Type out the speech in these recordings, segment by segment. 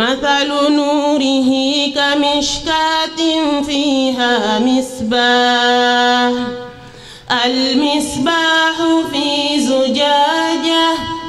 مثل نوره كمشكاة فيها مصباح المصباح في زجاجه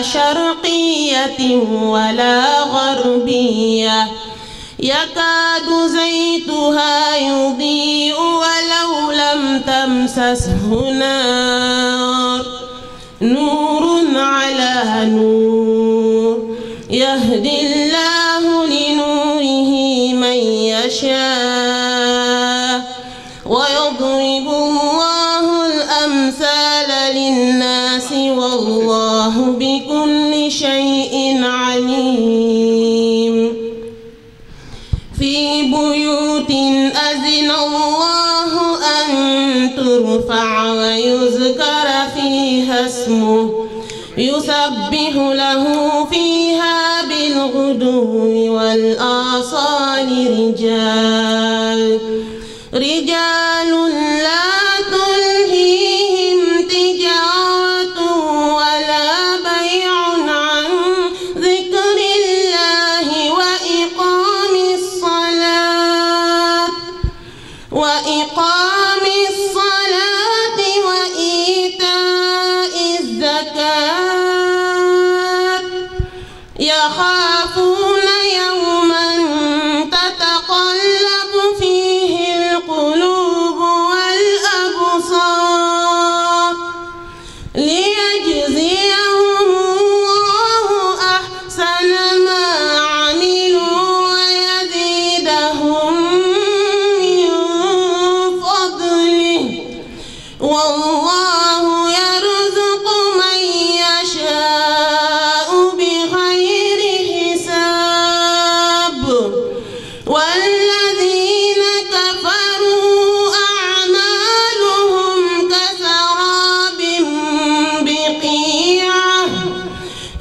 شرقية ولا غربية يكاد زيتها يضيء ولو لم تمسسه نار نور على نور يهدي الله لنوره من يشاء يسبح له فيها بالغدو والآصال رجال رجال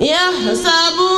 يحسب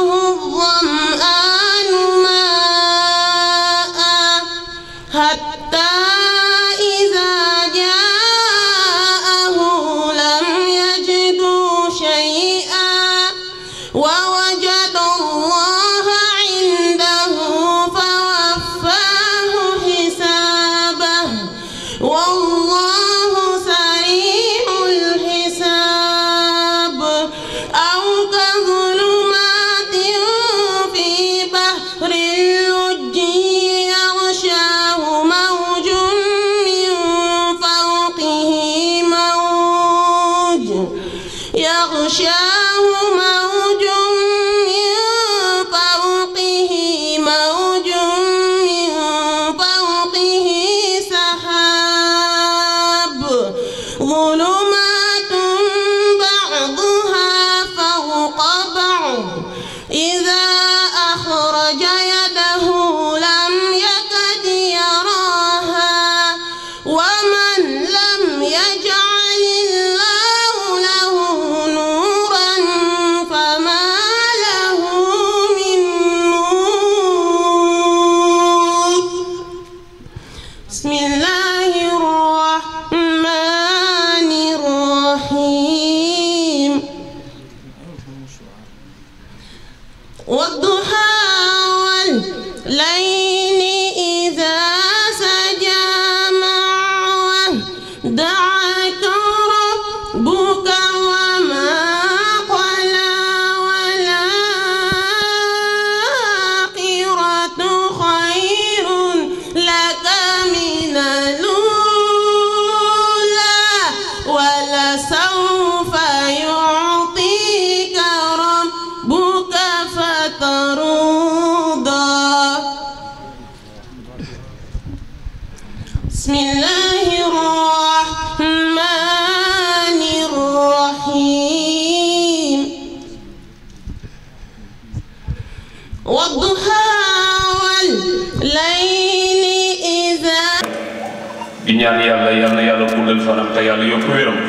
yàlla yokk wéram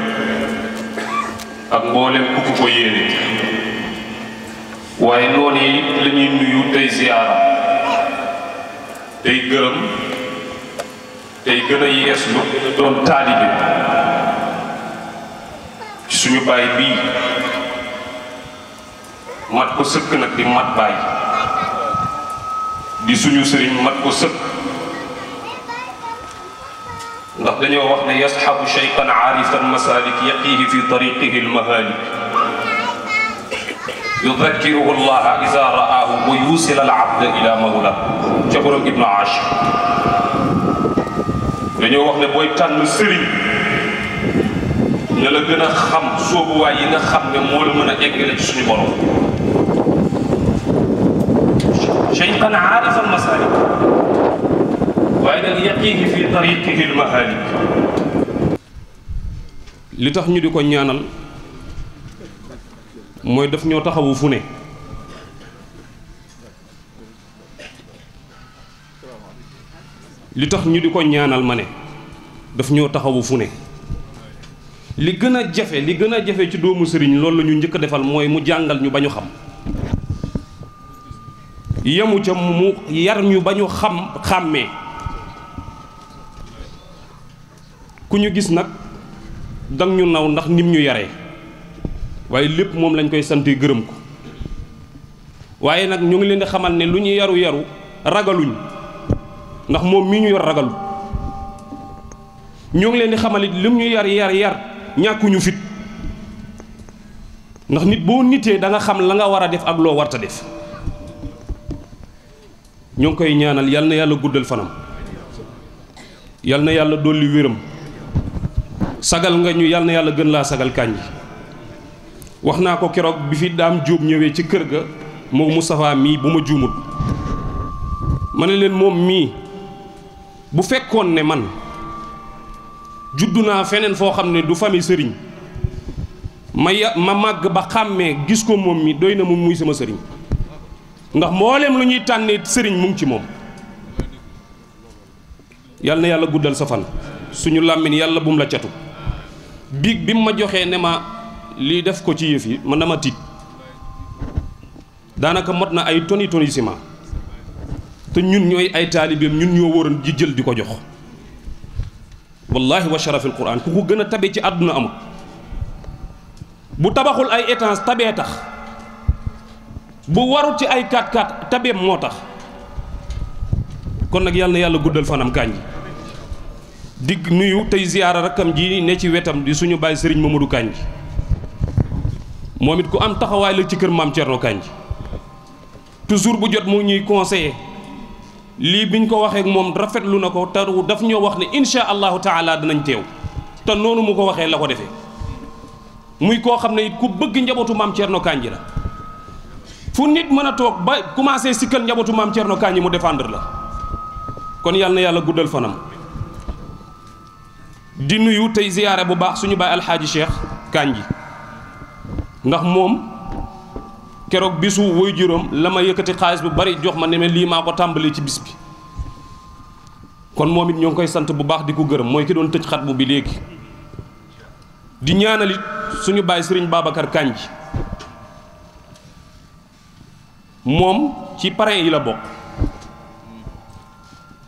ak mboolem ku ko ko yéene waaye noonu yi la nuyu tey ziyaara tey gërëm tey gën a yees lu doon suñu baay bii mat ko sëkk nag di mat baay di suñu sëriñ mat ko sëkk ndax dañoo wax ne yasxabu cheytan aarifan masalik yaqihi fi tariqihi almahalik yudakiruhu llaha ida ra'ahu wa yusil alabda ila mawla ca borom ibnu ash dañoo wax ne booy tànn sëriñ ne la gën a xam soobuwaay yi nga xam ne moo la mën a eggale ci suñu borom cheytan aarifan masalik li tax ñu di ko ñaanal mooy daf ñoo taxawu fu ne li tax ñu di ko ñaanal ma ne daf ñoo taxawu fu ne li gën a jafe li gën a jafe ci doomu sëriñ loolu la ñu njëkk a defal mooy mu jàngal ñu ba ñu xam yamu ca mu yar ñu ba ñu xam xàmmee ku ñu gis nag dang ñu naw ndax nim ñu yare waaye lépp moom lañ koy sant gërëm ko waaye nag ñu ngi leen di xamal ne lu ñu yaru yaru ragaluñ ndax moom mi ñu yor ragalu ñu ngi leen di xamal lim ñu yar yar yar ñàkkuñu fit ndax nit boo nitee danga xam la nga war a def ak loo warta def ñu ngi koy ñaanal yal na yàlla guddal fanam yal na yàlla dolli wéram sagal nga ñu yal na gën la sagal kanji waxna ko kérok bi fi daam joom ñëwé ci kër ga mo mustafa mi bu ma mané len ne mi bu fekkon ne man Juduna fenen fo xamné ne du fami sëriñ ma ya, mag ba xamé gis ko mom mi doy na mu muy sama sëriñ ndax mboolem lu ñuy tànnee sëriñ mu ngi ci mom yàlla yalla guddal sa fan suñu lamine yalla bum la catu biig bi mu ma joxee ne ma lii def ko ci yëf yi man dama tiit daanaka mot na ay toni toni ciment te ñun ñooy ay taalibeem ñun ñoo waroon ji jël di ko jox wallahi wa sharafil quran ku ko gën a tabe ci àdduna amul bu tabaxul ay étanges tabee tax bu warut ci ay 4x4 tabeem moo tax kon nag yàlla na yàlla guddal fanam kaañ di nuyu tey ziyaara rakkam ji ne ci wetam di suñu bàyyi sëriñ Mamadou Kandji moom it ku am taxawaay la ci kër maam Thierno Kandji toujours bu jot mu ñuy conseiller lii biñ ko waxee moom rafetlu na ko te daf ñoo wax ne insha allahu taala danañ teew te noonu mu ko waxee la ko defee muy koo xam ne it ku bëgg njabootu maam Thierno Kandji la fu nit mën a toog ba commencé sikkal njabootu maam Thierno Kandji mu défendre la kon yàlla yàlla guddal fanam. di nuyu tey ziyaare bu baax suñu baay alxaaji cheikh kanji ndax moom keroog bisu woy juróom la ma yëkkati xaalis bu bari jox ma ne lii maa ko tàmbalee ci bis bi kon moom it ñoo ngi koy sant bu baax di ko gërëm mooy ki doon tëj xat bu bi léegi di ñaanalit suñu baay sëriñ Babacar kanji moom ci parrain yi la bokk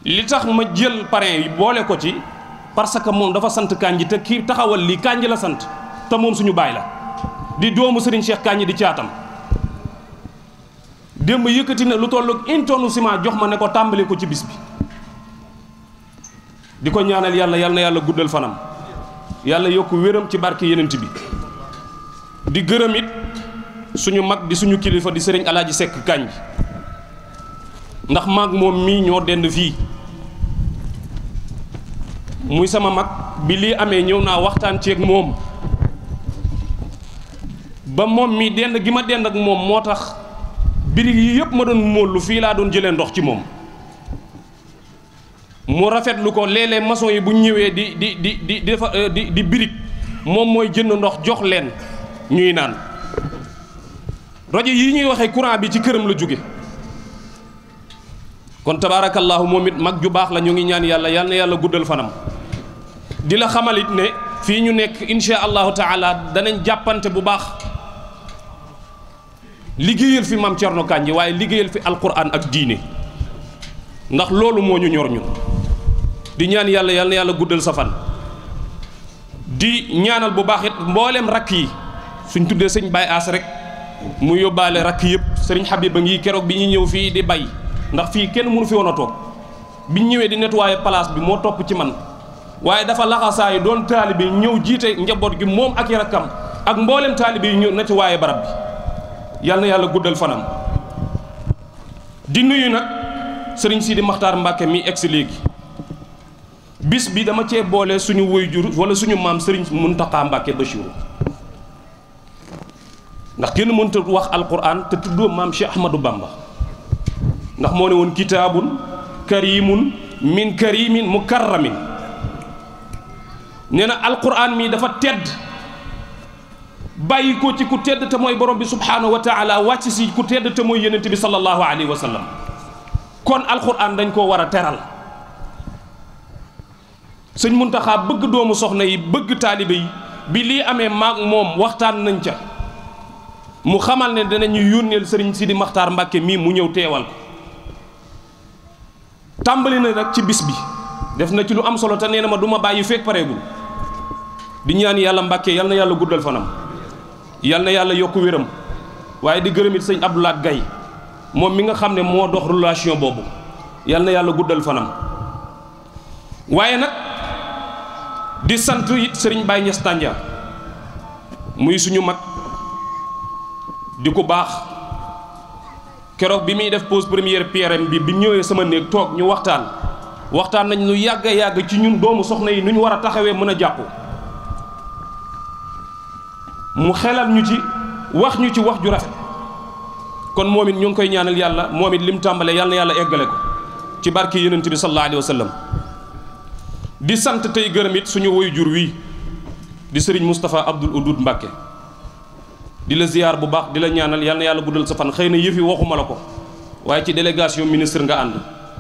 li tax ma jël parrain yi boole ko ci parce que moom dafa sant Kandji te kii taxawal lii Kandji la sant te moom suñu baay la di doomu Serigne Cheikh Kandji di caatam démb yëkkati na lu toll ak une jox ma ne ko tàmbali ko ci bis bi di ko ñaanal yàlla yàlla na yàlla guddal fanam yàlla yokk wéram ci barke yenent bi di gërëm it suñu mag di suñu kilifa di sëriñ Alaaji Sekk Kandji ndax maag moom mii ñoo dend fii muy sama mag bi lii amee ñëw naa waxtaan ceeg moom ba moom mi dend gi ma dend ak moom moo tax birig yi yëpp ma doon móollu fii laa doon jëlee ndox ci moom mu rafetlu ko léeg mason yi bu ñëwee di di di di defa euh, di di birig moom mooy jënd ndox jox leen ñuy naan rajo yi ñuy waxee courant bi ci këram la jóge kon tabaarakallaahu moom it mag ju baax la ñu ngi ñaan yàlla yàlla yàlla guddal fanam dilah xamal it ne fi ñu nekk insha allah taala danañ jappante bu baax liggéeyal fi mam tierno kanji waye liggéeyal fi alquran ak diine ndax loolu moo ñu ñor ñu di ñaan yalla yalla yalla guddal sa fan di ñaanal bu baax it mbollem rak yi suñ tuddé señ Baye As rek mu yobale rak yëpp sëriñ Habib ngi kérok bi ñi ñew fi di bay ndax fi kenn mënu fi wona tok toog biñ edinet di nettoyer place bi mo top ci man waaye dafa laxasaayu doon taalibe yi ñëw jiite njaboot gi moom ak i rakkam ak mboolem taalibe yi ñëw na waaye barab bi yal yàlla guddal fanam di nuyu nag sëriñ Sidi Maxtaar Mbàkke mi egsi léegi bis bi dama cee boole suñu waajur wala suñu maam sëriñ Muntaxa Mbàkke Bachiru ndax kenn mënta wax alquran te tuddoo maam Cheikh Ahmadou Bamba ndax moo ne woon kitaabun karimun min mu mukarramin nee na alquran mii dafa tedd bàyyi ko ci ku tedd te mooy borom bi subhaanahu wa taala wàcc si ku tedd te mooy yonent bi sallallahu alayhi wa kon alquran dañ koo war a teral sëñ Muntaxa bëgg doomu soxna yi bëgg taalibe yi bi lii amee maag moom waxtaan nañ ca mu xamal ne danañu yónneel sëriñ Sidi Maxtaar Mbàkke mii mu ñëw teewal tàmbali na nag ci bis bi def na ci lu am solo te nee na ma duma bàyyi fekk pareegul di ñaan yalla mbacke yal na yàlla guddal fanam yal na yàlla yokku wiram waye di gërëm seigne sëñ gay mom mi nga xamne ne dox relation bobu yal na yàlla guddal fanam waye nak di sant seigne Baye ñestandia muy suñu mak di ko baax bi mi def pause première prm bi bi ñëwé sama néeg tok ñu waxtaan waxtaan nañ lu yàgg a ci ñun doomu soxna yi wara taxawé mëna jappu mu xelal ñu ci wax ñu ci wax ju rafet kon moom it ñu ngi koy ñaanal yàlla moom it lim tàmbalee yàlla yàlla eggale ko ci barke yonent bi sallallahu alayhi wa sallam di sant tey gërëm it suñu woyu jur wii di sëriñ mustafa Abdoul Oudoud Mbacke di la ziyaar bu baax di la ñaanal yàlla yàlla guddal sa fan xëy na yëfi waxuma la ko waaye ci délégation ministre nga ànd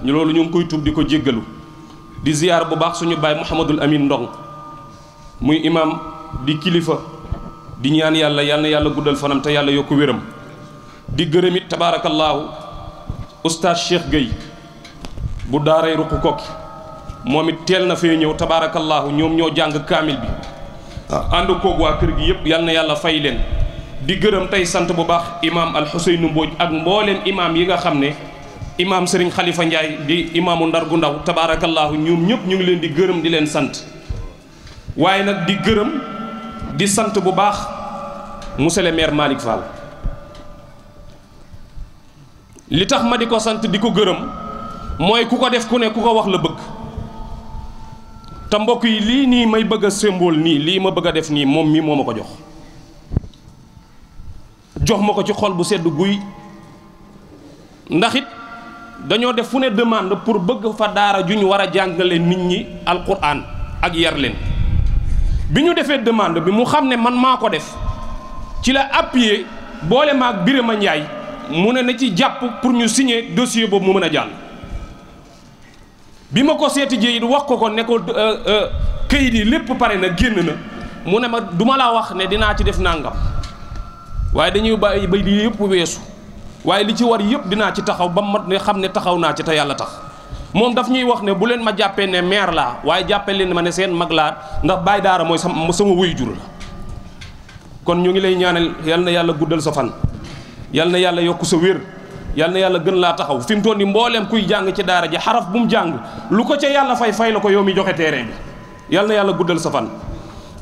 ñu loolu ñu ngi koy tuub di ko jéggalu di ziyaar bu baax suñu baay Mouhamadul Amin Ndong muy imam di kilifa. di ñaan yàlla yal na yàlla guddal fanam te yàlla yokk wéram di gërëm it tabaarakallaahu oustaz Cheikh Gueye bu daaray ruq kokki moom it teel na fee ñëw tabaarakallaahu ñoom ñoo jàng kaamil bi ah. ànd koog waa kër gi yëpp yal na yàlla fay leen di gërëm tey sant bu baax imaam alxuseynu mbooj ak mbooleem imaam yi nga xam ne imaam sëriñ xalifa Ndiaye di imaamu ndar gu ndaw tabaarakallaahu ñoom ñëpp ñu ngi leen di gërëm di leen sant waaye nag di gërëm di sant bu baax monsieur le maire malik Fall li tax ma di ko sant di ko gërëm def ku ne ku ko wax la bëgg ta mbokk yi li ni may bëgg symbole ni li ma bëgg def ni mom mi momako jox jox mako ci xol bu sedd guuy ndaxit it dañoo def fu ne demande pour bëgg fa daara juñu wara jàngale nit ñi alquran ak yar leen bi ñu defee demande bi mu xam ne man maa ko def ci la appuyé boole maag Birama Ndiaye mu ne na ci jàpp pour ñu signer dossier boobu mu mën a jàll bi ma ko seeti ji wax ko ko ne ko euh, euh, këyit yi lépp pare na génn na mu ne ma duma laa wax ne dinaa ci def nàngam waaye dañuy bàyyi bay lii yëpp weesu waaye li ci war yëpp dinaa ci taxaw ba mat ne xam ne taxaw naa ci te yàlla tax moom daf ñuy wax ne bu leen ma jàppee ne maire laa waaye jàppee leen ma ne seen mag laa ndax baay daara mooy sama sama wuyu jur la kon ñu ngi lay ñaanal yal na yàlla guddal sa fan yal na yàlla yokk sa wér yal na yàlla gën laa taxaw fi mu toll nii mbooleem kuy jàng ci daara ji xaraf bu mu jàng lu ko ca yàlla fay fay la ko yow mi joxe terrain bi yal na yàlla guddal sa fan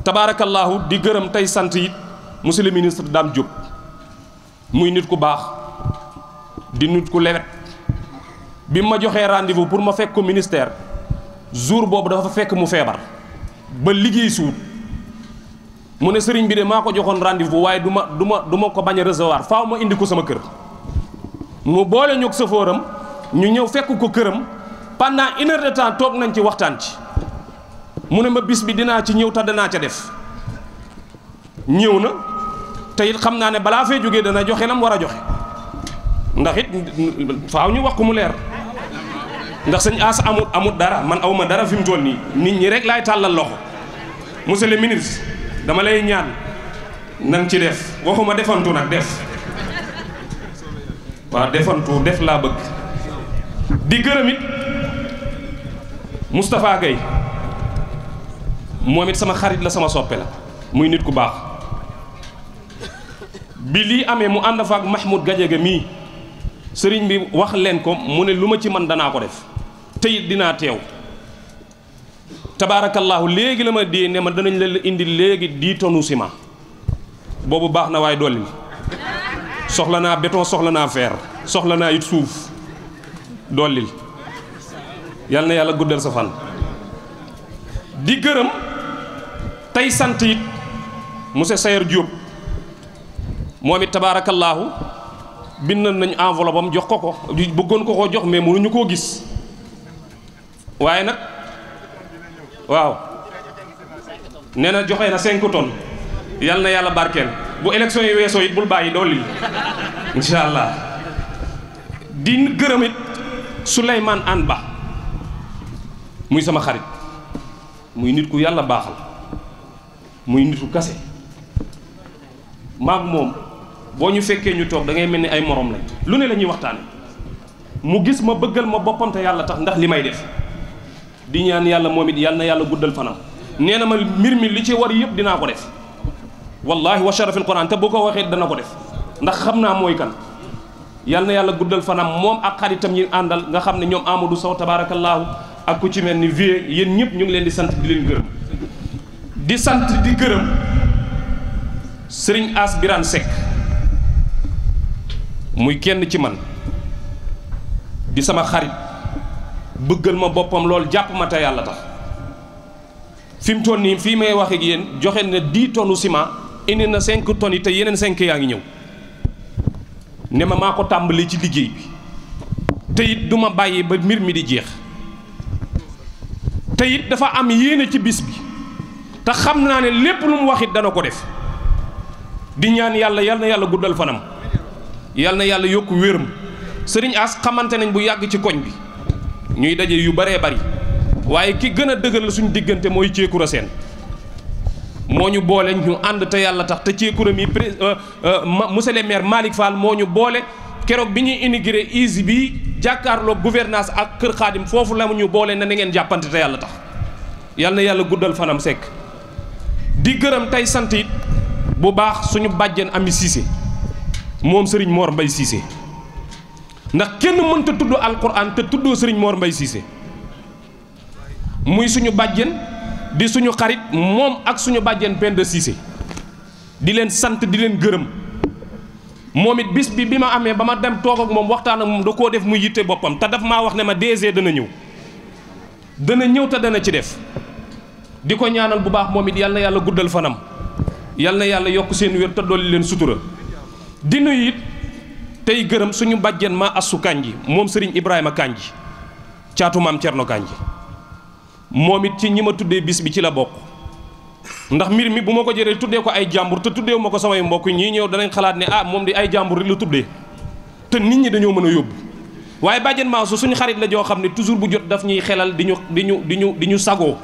tabaarakallaahu di gërëm tey sant yit monsieur le ministre Dame Diop muy nit ku baax di nit ku lewet bi ma joxee rendez-vous pour ma fekk ko ministère jour boobu dafa fekk mu feebar ba liggéey suut mu ne sëriñ bi de maa ko joxoon rendez-vous waaye du ma du ma du ma ko bañ a recevoir faaw ma indi ko sama kër mu boole ñoog safooram ñu ñëw fekk ko këram pendant une heure de temps toog nañ ci waxtaan ci mu ne ma bis bi dinaa ci ñëw te danaa ca def ñëw na te it xam naa ne balaa fee jógee dana joxe nam war a joxe ndax it faaw ñu wax ko mu leer ndax sëñ Ass amut amut dara man awma dara fi mu toll nii nit ñi rek laay tàllal loxo monsieur le ministre dama lay ñaan nang ci def waxuma defantu nag def waa defantu def laa bëgg di gërëm it Moustapha Gueye moom it sama xarit la sama soppe la muy nit ku baax bi lii amee mu ànd fa ak Mahmoud Gadiaga mii sëriñ bi wax leen ko mu ne lu ma ci man danaa ko def teyit dinaa teew tabaarakallaahu léegi la ma dee ne ma danañ la indi léegi dix tonnes ciment boobu baax na waaye dolli soxla naa béton soxla naa feer soxla naa it suuf dollil yal na yàlla guddal sa fan di gërëm tey sant it monsieur Sayer Diop moom it tabaarakallaahu bind nañ enveloppe am jox ko ko bëggoon ko ko jox mais mënuñu koo gis waaye nag waaw nee na joxe na 5 tonnes yal na yàlla barkeel bu élection yi weesoo it bul bàyyi doolil incha allah di gërëm it Souleymane An Ba muy sama xarit muy nit ku yàlla baaxal muy nitu kase maag moom boo ñu fekkee ñu toog da ngay mel ni ay moroom lañ lu ne la ñuy waxtaane mu gis ma bëggal ma boppam yàlla tax ndax li may def di ñaan yàlla moom it yàlla na yàlla guddal fanam nee na ma mbir mi li ci war yëpp dinaa ko def wallahi wa sharafil quran te bu ko waxee dana ko def ndax xam naa mooy kan yàlla na yàlla guddal fanam moom ak xaritam yi àndal nga xam ne ñoom Amadou Sow tabaarakallaahu ak ku ci mel ni vie yéen ñëpp ñu ngi leen di sant di leen gërëm di sant di gërëm sëriñ As Birane Seck muy kenn ci man di sama xarit bëggal ma boppam lool jàpp ma te yàlla tax fi mu toll nii fii may wax ak yéen joxe na 10 tonnes ciment indi na 5 tonnes yi te yeneen 5 yaa ngi ñëw ne ma maa ko tàmbali ci liggéey bi te it du ma bàyyi ba mbir mi di jeex te dafa am yéene ci bis bi te xam naa ne lépp lu mu wax it ko def di ñaan yàlla yal na yàlla guddal fanam yal na yàlla yokk wéram sëriñ As xamante nañ bu yàgg ci koñ bi. ñuy daje yu baree bari waaye ki gën a dëgëral suñu diggante mooy Ceekura Seen moo ñu boole ñu ànd te yàlla tax te Ceekura mi pré euh, euh, monsieur le maire Malick Fall moo ñu boole keroog bi ñuy inauguré ISI bi jàkkaarloo gouvernance ak kër xaadim foofu la ñu boole na na ngeen jàppante te yàlla tax yàlla na yàlla guddal fanam sekk di gërëm tey sant bu baax suñu bàjjen ami Cissé moom sëriñ Mor Mbaye Cissé. ndax kenn mënta tudd alquran te tuddoo sëriñ Mor Mbaye Cissé muy suñu bàjjen di suñu xarit moom ak suñu bàjjen Penda Cissé di leen sant di leen gërëm moom it bis bi bi ma amee ba ma dem toog ak moom waxtaan ak moom da koo def mu yitte boppam te daf maa wax ne ma DG dana ñëw dana ñëw te dana ci def di ko ñaanal bu baax moom it yàlla yàlla guddal fanam yal na yàlla yokk seen wér te dolli leen sutura di nuyu tey gërëm suñu bàjjen ma assu Kandji moom Serigne Ibrahima Kandji caatu maam Thierno Kandji moom it ci ñi ma tuddee bis bi ci la bokk ndax mbir mi bu ma ko jëlee tuddee ko ay jàmbur te tuddee ma ko samay mbokk ñii ñëw danañ xalaat ne ah moom di ay jàmbur rek la tuddee te nit ñi dañoo mën a yóbbu waaye bàjjen ma su suñu xarit la joo xam ne toujours bu jot dafa ñuy xelal di ñu di ñu di ñu di ñu sagoo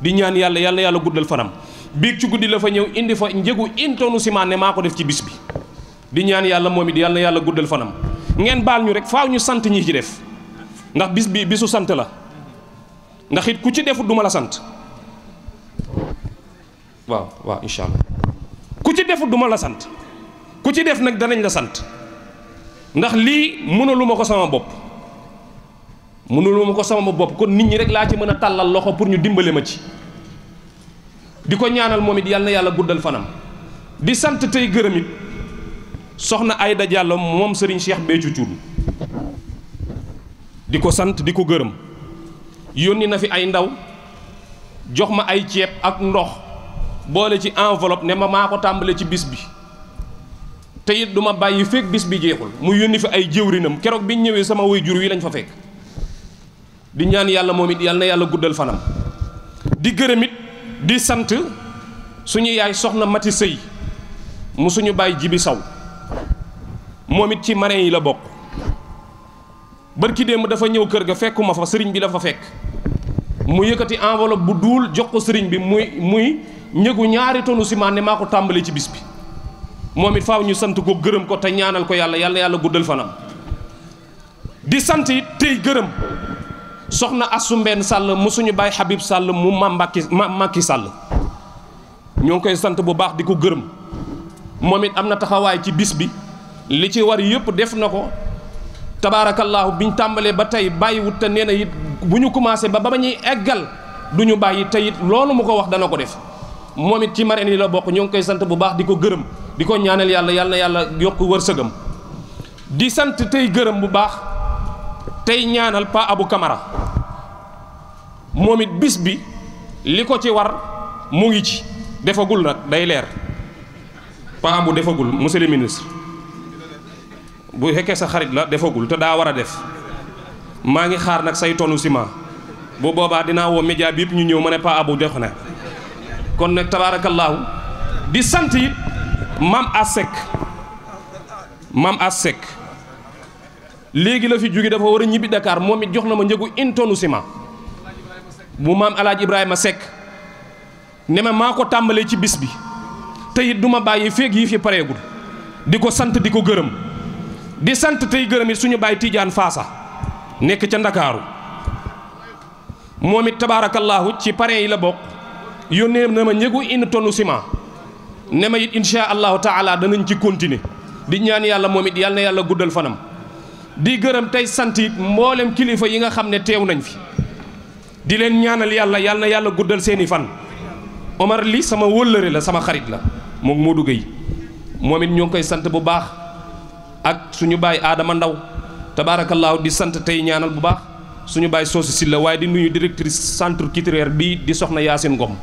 di ñaan yàlla yàlla yàlla guddal fanam biig ci guddi la fa ñëw indi fa njëgu une tonne ciment ne maa ko bi. di ñaan yàlla moom it yàlla na yàlla guddal fanam ngeen baal ñu rek faaw ñu sant ñi ci def ndax bis bi bisu sant la ndax it ku ci defut duma la sant waaw waaw ku ci defut duma la sant ku ci def nag danañ la sant ndax lii mënalu ma ko sama bopp mënalu ma ko sama bopp kon nit ñi rek laa ci mën a tàllal loxo pour ñu dimbali ma ci di ko ñaanal moom it yàlla yàlla guddal fanam di sant tey gërëm soxna Ayda Diallo moom Serigne Cheikh Béthio Thioune di ko sant di ko gërëm yónni na fi ay ndaw jox ma ay ceeb ak ndox boole ci enveloppe ne ma maa ko tàmbale ci bis bi te it du ma bàyyi fekk bis bi jeexul mu yónni fi ay jëwrinam keroog bi ñëwee sama jur wi lañ fa fekk di ñaan yàlla moom it yàlla na yàlla guddal fanam di gërëm it di sant suñu yaay soxna Mati Sëy mu suñu bàyyi jibi saw moom it ci marin yi la bokk ki démb dafa ñëw kër ga fekkuma fa sëriñ bi la fa fekk mu yëkkati enveloppe bu duul jox ko sëriñ bi muy muy ñëgu ñaari tonu ciment maa ko tàmbali ci bis bi moom it faaw ñu sant ko gërëm ko te ñaanal ko yàlla yàlla yàlla guddal fanam di sant it tey gërëm soxna Assou Mbène Sall mu suñu baay Habib sàll mu ma Mbacke sàll Mbacke ñoo ngi koy sant bu baax di ko gërëm moom it am na taxawaay ci bis bi li ci war yëpp def na ko tabaarakallaahu biñ tàmbalee ba tey bàyyiwut te nee na it bu ñu commencé ba ba ma ñuy eggal du ñu bàyyi tey it loolu mu ko wax dana ko def moom it ci marraine yi la bokk ñoo ngi koy sant bu baax di ko gërëm di ko ñaanal yàlla yàlla yàlla yokk wërsëgam di sant tey gërëm bu baax tey ñaanal pa Abu Kamara moom it bis bi li ko ci war mu ngi ci defagul nag day leer pa Abu defagul monsieur le ministre. bu fekkee sa xarit la defagul te daa war a def maa ngi xaar nag say tonu ciment bu boobaa dinaa woo média bi yëpp ñu ñëw ma ne Paa Abou jox na kon nag tabaarakallaahu di sant it maam Asek maam Asek léegi la fi jóge dafa war a ñibbi Dakar moom it jox na ma njëgu une tonne ciment bu maam El Hadj Ibrahima ne ma maa ko tàmbalee ci bis bi te du ma bàyyi feeg yi fi pareegul di ko sant di ko gërëm. di sant tey gërëm suñu baay Tidiane Faasa nekk ca Ndakaaru moom it tabaarakallaahu ci parrain yi la bokk yónnee na ma ñëgu une tonne ciment ne ma it insha allahu taala danañ ci continuer di ñaan yàlla moom it yàlla yàlla guddal fanam di gërëm tey sant it mboolem kilifa yi nga xam ne teew nañ fi di leen ñaanal yàlla yàlla na yàlla guddal seeni fan Omar li sama wëllëre la sama xarit la moom moo duggee moom it ñoo koy sant bu baax. ak suñu baay aadama ndaw tabaarakallaahu di sant tey ñaanal bu baax suñu baay soosu si waaye di nuyu directrice centre culturel bi di soxna Yacine Ngom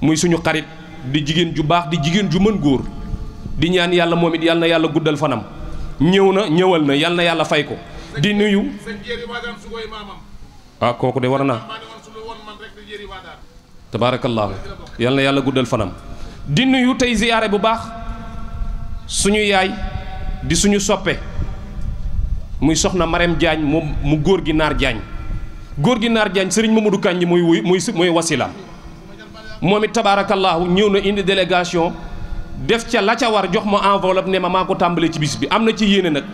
muy suñu xarit di jigéen ju baax di jigéen ju mën góor di ñaan yàlla moom it yàlla na yàlla guddal fanam ñëw na ñëwal na yàlla na yàlla fay ko di nuyu ah kooku de war naa tabaarakallaahu yàlla na yàlla guddal fanam di nuyu tey ziyaare bu baax suñu yaay di suñu soppee muy soxna Marème jaañ moom mu góor gi naar Diagne góor gi naar Diagne sëriñ Mamadou Kandji mooy wuy mooy mooy wasila moom it tabaarakallaahu ñëw na indi délégation def ca la ca war jox ma enveloppe ne ma maa ko tàmbalee ci bis bi am na ci yéene nag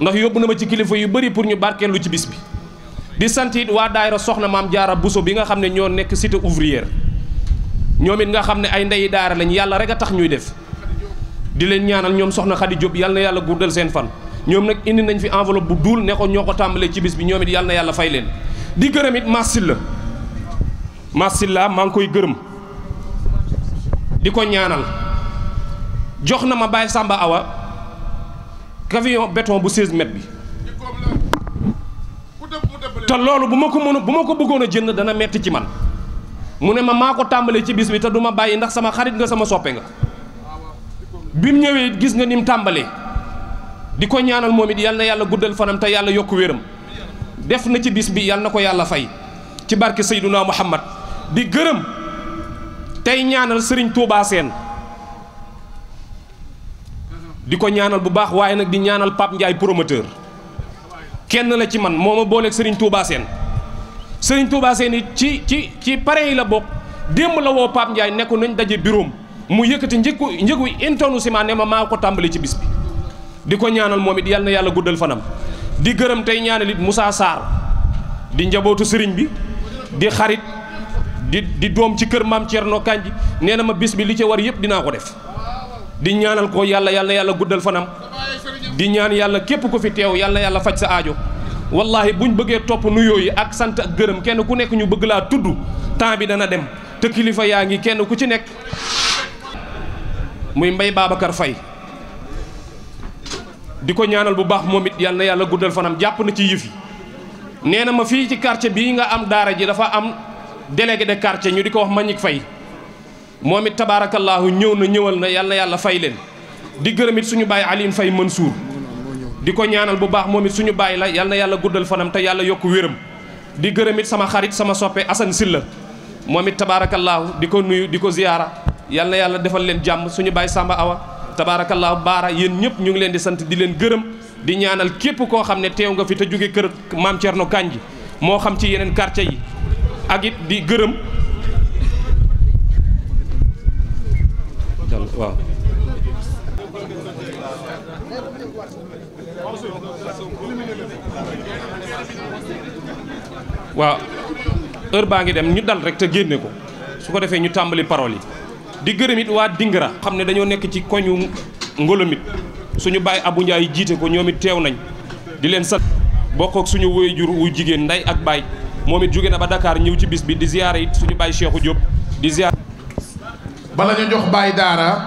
ndax yóbbu na ma ci kilifa yu bëri pour ñu lu ci bis bi di sant waa daayira soxna maam jaara Bousso bi nga xam ne ñoo nekk cité ouvrière ñoom it nga xam ne ay ndeyi daara lañ yàlla rek a tax ñuy def di leen ñaanal ñoom soxna Khady Diop yal na yàlla guddal seen fan ñoom nag indi nañ fi enveloppe bu duul ne ñoo ko tàmbalee ci bis bi ñoom it yal na yàlla fay leen di gërëm it Massila Massila maa ngi koy gërëm di ko ñaanal jox na ma Baye Samba Awa camion beton bu 16 mètres bi te loolu bu ma ko mën bu ma ko bëggoon a jënd dana metti ci man mu ne ma maa ko tàmbalee ci bis bi te du ma bàyyi ndax sama xarit nga sama soppe nga bi mu ñëwee gis nga ni mu tàmbalee di ko ñaanal moom it yal na yàlla guddal fanam te yàlla yokk wéram def na ci bis bi yal na ko yàlla fay ci barke Seydunaa Muhammad di gërëm tey ñaanal sëriñ Touba Seen di ko ñaanal bu baax waaye nag di ñaanal Pape Ndiaye promoteur kenn la ci man moo ma booleeg sëriñ Touba Seen sëriñ Touba Seen it ci ci ci pare yi la bokk démb la woo Pape Ndiaye nekku nañ daje bureau mu yëkkati njëkku njëgu une tonne ne ma maa ko tàmbali ci bis bi di ko ñaanal moom it yal na yàlla guddal fanam di gërëm tey ñaanal it Moussa Sarr di njabootu sëriñ bi di xarit di di doom ci kër maam Thierno Kandji nee na ma bis bi li ci war yëpp dinaa ko def di ñaanal ko yàlla yàlla yàlla guddal fanam di ñaan yàlla képp ku fi teew yàlla yàlla faj sa aajo wallahi buñ bëggee topp nuyoo yi ak sant ak gërëm kenn ku nekk ñu bëgg laa tudd temps bi dana dem ku ci nekk. muy Mbaye Babacar fay di ko ñaanal bu baax moom it yal na yàlla guddal fanam jàpp na ci yëf yi nee na ma fii ci quartier bii nga am daara ji dafa am délégué de quartier ñu di ko wax Mañik fay moom it tabaarakallaahu ñëw na ñëwal na yàlla yàlla fay leen di gërëm it suñu bàyyi Alioune Faye Mansour di ko ñaanal bu baax moom it suñu baay la yal yàlla guddal fanam te yàlla yokk wéram di gërëmit sama xarit sama soppe Assane Sylla moom tabaarakallaahu di ko nuy di ko ziyaara yalla yalla defal len jam, suñu baay Samba Awa Tabarakallah, bara yeen ñep ñu ngi len di sant di len gërëm di ñaanal képp ko xamne ne teew nga fi te jóge kër mam cierno kanji mo xam ci yenen quartier yi ak it di gërëm Wah, waaw heure ngi dem ñu dal rek te génne ko su ko défé ñu tambali parole yi di gërëmit it waa Dingra xam ne dañoo nekk ci koñu Ngolomit suñu bàyyi Abu Ndiaye jiite ko ñoom it teew nañ di leen sant bokk ak suñu wéyjur wu jigéen ndey ak baay moom it jóge na ba Dakar ñëw ci bis bi di ziyaare it suñu bàyyi Cheikhou Diop di ziyaare bala ñu jox bàyyi daara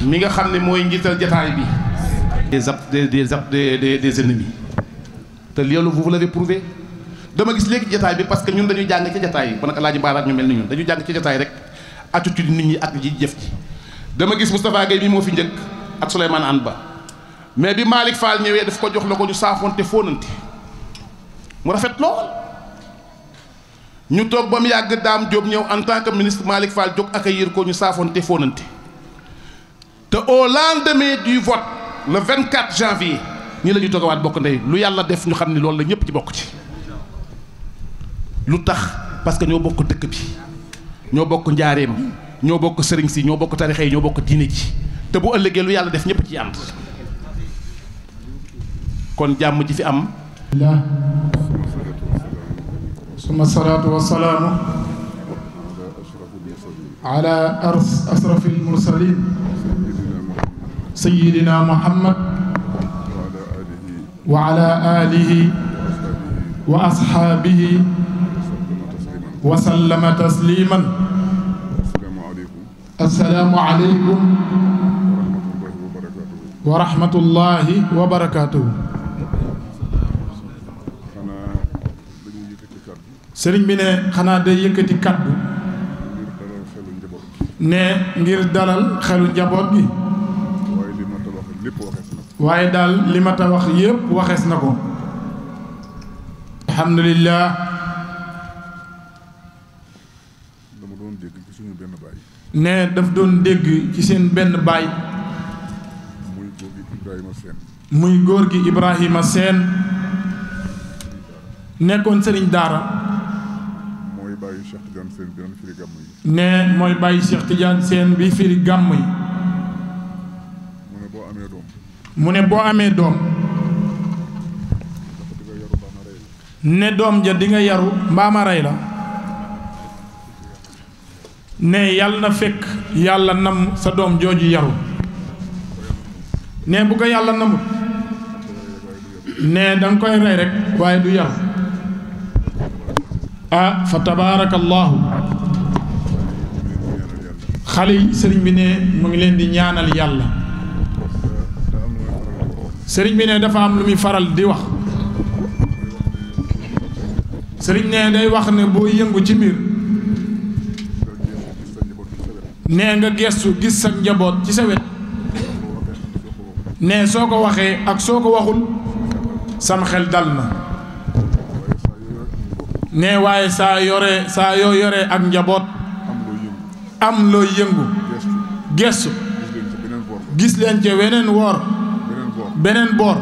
mi nga xam ne mooy njiital jataay bi des ab des des ab des des ennemis te loolu vous l'avez prouvé dama gis léegi jataay bi parce que ñun dañuy jàng ci jataay yi nag El Hadj Mbaara ñu rek attitude nit ñi at ji jëf ji dama gis Moustapha Gueye mi moo fi njëkk ak Souleymane Anne Ba mais bi Malick Fall ñëwee daf ko jox la ko ñu saafonte fóonante mu rafet lool ñu toog ba yàgg daam jóom ñëw en tant que ministre Malick Fall jóg accueillir ko ñu saafonte fóonante te au lendemain du vote le 24 janvier ñi la ñu toogawaat bokk ndey lu yàlla def ñu xam ne loolu la ñëpp ci bokk ci lu tax parce que ñoo bokk dëkk bi ñoo bokk njaareem ñoo bokk sëriñ si ñoo bokk tarixa yi bokk diine ji te bu ëllëgee lu yàlla def ñëpp ci ànd kon jàmm ji fi am suma salaatu wa salaamu ala ars asrafi almursalin sayidina muhammad wa ala alihi وسلم تسليما السلام عليكم ورحمة الله وبركاته sëriñ bi ne xanaa day yëkkati kaddu ne ngir dalal xelu njaboot gi waaye daal li ma ta wax yépp waxees na ko alhamdulillah ne daf doon dégg ci seen benn baay muy góor gi Ibrahima Seen muy góor gi Seen nekkoon sëriñ daara mooy bàyyi Cheikh Tidiane ne mooy bàyyi Cheikh Tidiane Seen bi firi gàmm yi mu ne boo amee doom mu ne boo amee doom ne doom ja di nga yaru mbaama rey la ne yàlla na fekk yàlla nam sa doom jooju yaru ne bu ko yàlla namut ne danga koy rey rek waaye du yaru ah fa tabaarakallaahu xale yi sëriñ bi ne mu ngi leen di ñaanal yàlla sëriñ bi ne dafa am lu muy faral di wax sëriñ ne day wax ne boo yëngu ci mbir nee nga gestu gis sa njaboot ci sa wet nee soo ko waxee ak soo ko waxul sam xel dal na nee waaye saa yore saa yoo yore ak njaboot am loo yëngu gestu gis leen ca weneen woor beneen boor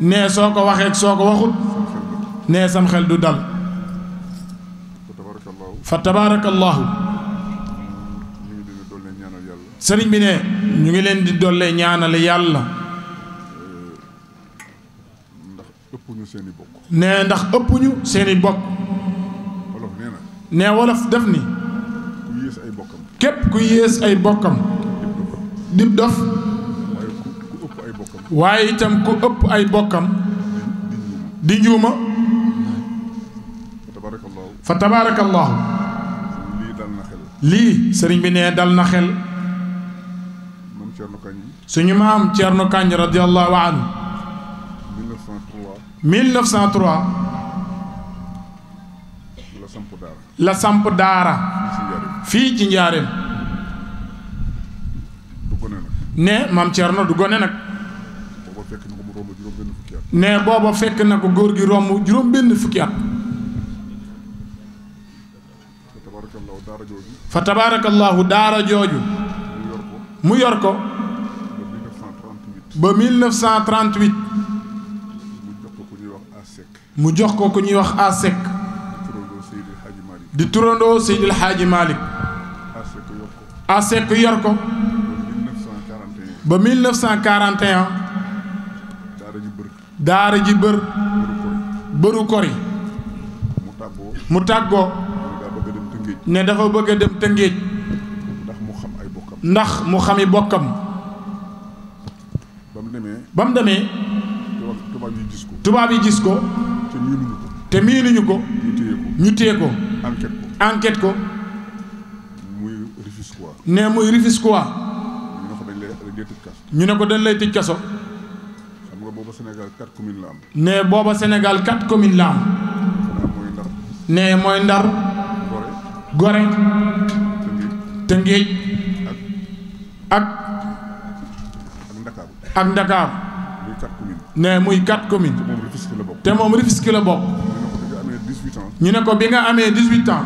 nee soo ko waxee ak soo ko waxul nee sam xel du dal fa tabaarakallaahu sëriñ bi ne ñu ngi leen di dollee ñaanale yàlla ne ndax ëpp ñu seeni bokk ne wolof def ni képp ku yées ay bokkam dib dof waaye itam ku ëpp ay bokkam di njuuma fa tabaarakallaahu lii sëriñ bi ne dal na xel suñu maam Thierno Kandji radiallahu anhu la samp daara fii ci njaareem ne maam Thierno du gone nag ne booba fekk na ko góor gi romb juróom benn fukki at fa tabaarakallaahu daara jooju mu yor ko ba 1938 mu jox ko ku ñuy wax ASEC di turandoo Seydil Hadji Malick ASEC yor ko ba 1941 daara ji bër bëru kori mu tàggoo ne dafa bëgg dem Tëngéej ndax mu xam ay bokkam ndax mu xami bokkam ba mu demee. tubaab yi gis ko. tubaab yi gis ko. te miinuñu ko. te miinuñu ko. ñu téye ko ñu téye ko. enquête muy Rufisquois. ñu ne ko dañ lay tëj kaso. xam booba Sénégal quatre communes la am. nee mooy Ndar. Gorée. Tëngéej. ak. ak Ndakaar ne muy quatre communes te moom ki la bokk ñu ne ko bi nga amee dix-huit ans